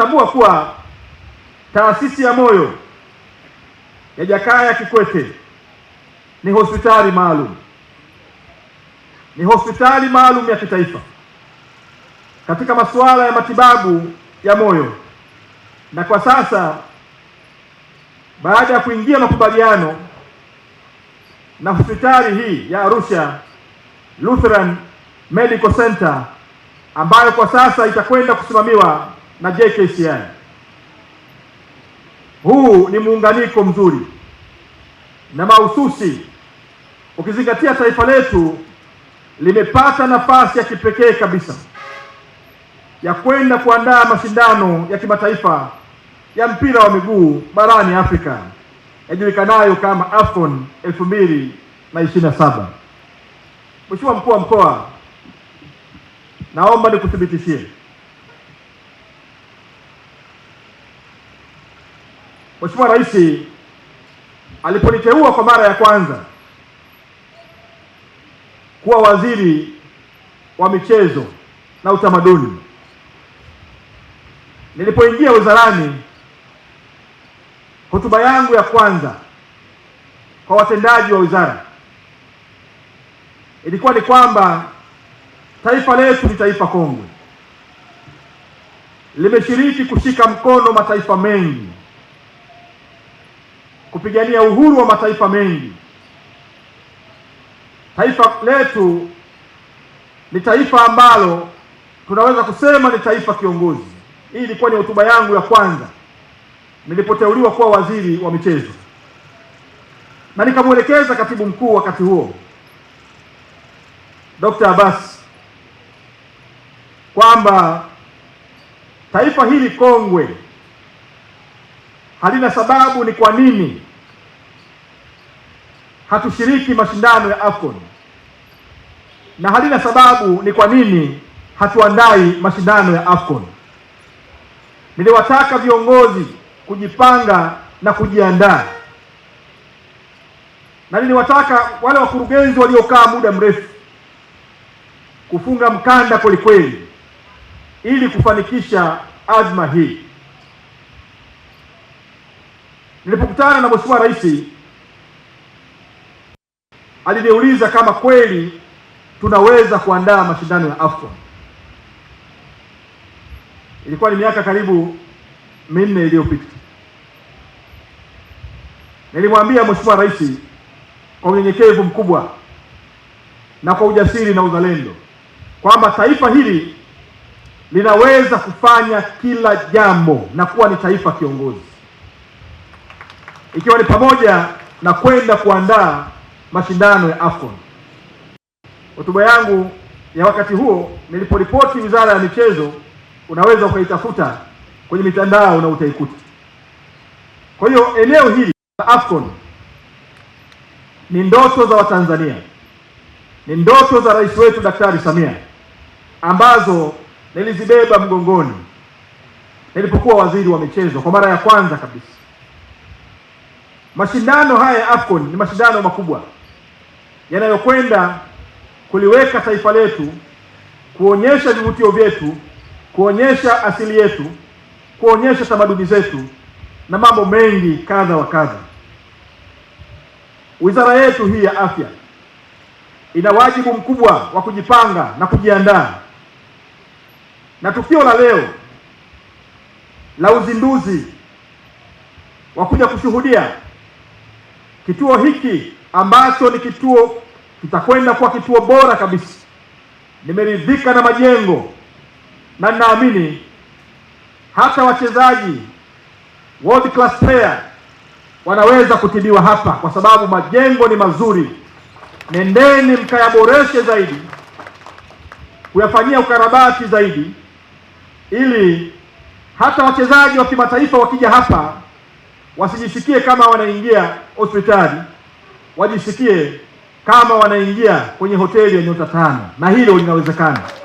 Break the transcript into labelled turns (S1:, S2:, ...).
S1: Tunatambua kuwa taasisi ya moyo ya Jakaya Kikwete ni hospitali maalum, ni hospitali maalum ya kitaifa katika masuala ya matibabu ya moyo, na kwa sasa baada ya kuingia makubaliano na hospitali hii ya Arusha Lutheran Medical Center ambayo kwa sasa itakwenda kusimamiwa na JKCI. Huu ni muunganiko mzuri na mahususi ukizingatia taifa letu limepata nafasi ya kipekee kabisa ya kwenda kuandaa mashindano ya kimataifa ya mpira wa miguu barani Afrika yajulikanayo kama AFCON 2027. Mheshimiwa Mkuu wa Mkoa, naomba nikuthibitishie Mheshimiwa Rais aliponiteua kwa mara ya kwanza kuwa waziri wa michezo na utamaduni, nilipoingia wizarani, hotuba yangu ya kwanza kwa watendaji wa wizara ilikuwa ni kwamba taifa letu ni taifa kongwe, limeshiriki kushika mkono mataifa mengi kupigania uhuru wa mataifa mengi. Taifa letu ni taifa ambalo tunaweza kusema ni taifa kiongozi. Hii ilikuwa ni hotuba yangu ya kwanza nilipoteuliwa kuwa waziri wa michezo, na nikamwelekeza katibu mkuu wakati huo Dr. Abbas kwamba taifa hili kongwe halina sababu. Ni kwa nini hatushiriki mashindano ya AFCON? Na halina sababu. Ni kwa nini hatuandai mashindano ya AFCON? Niliwataka viongozi kujipanga na kujiandaa, na niliwataka wale wakurugenzi waliokaa muda mrefu kufunga mkanda kwelikweli, ili kufanikisha azma hii. Nilipokutana na Mheshimiwa Rais aliniuliza kama kweli tunaweza kuandaa mashindano ya AFCON. Ilikuwa ni miaka karibu minne iliyopita. Nilimwambia Mheshimiwa Rais kwa unyenyekevu mkubwa na kwa ujasiri na uzalendo kwamba taifa hili linaweza kufanya kila jambo na kuwa ni taifa kiongozi ikiwa ni pamoja na kwenda kuandaa mashindano ya AFCON. Hotuba yangu ya wakati huo niliporipoti Wizara ya Michezo, unaweza ukaitafuta kwenye mitandao na utaikuta. Kwa hiyo eneo hili la AFCON ni ndoto za Watanzania, ni ndoto za rais wetu Daktari Samia ambazo nilizibeba mgongoni nilipokuwa waziri wa michezo kwa mara ya kwanza kabisa. Mashindano haya ya AFCON ni mashindano makubwa yanayokwenda kuliweka taifa letu, kuonyesha vivutio vyetu, kuonyesha asili yetu, kuonyesha tamaduni zetu na mambo mengi kadha wa kadha. Wizara yetu hii ya afya ina wajibu mkubwa wa kujipanga na kujiandaa, na tukio la leo la uzinduzi wa kuja kushuhudia Kituo hiki ambacho ni kituo kitakwenda kuwa kituo bora kabisa. Nimeridhika na majengo na ninaamini hata wachezaji world class player wanaweza kutibiwa hapa, kwa sababu majengo ni mazuri. Nendeni mkayaboreshe zaidi, kuyafanyia ukarabati zaidi, ili hata wachezaji wa kimataifa wakija hapa wasijisikie kama wanaingia hospitali, wajisikie kama wanaingia kwenye hoteli ya nyota tano, na hilo linawezekana.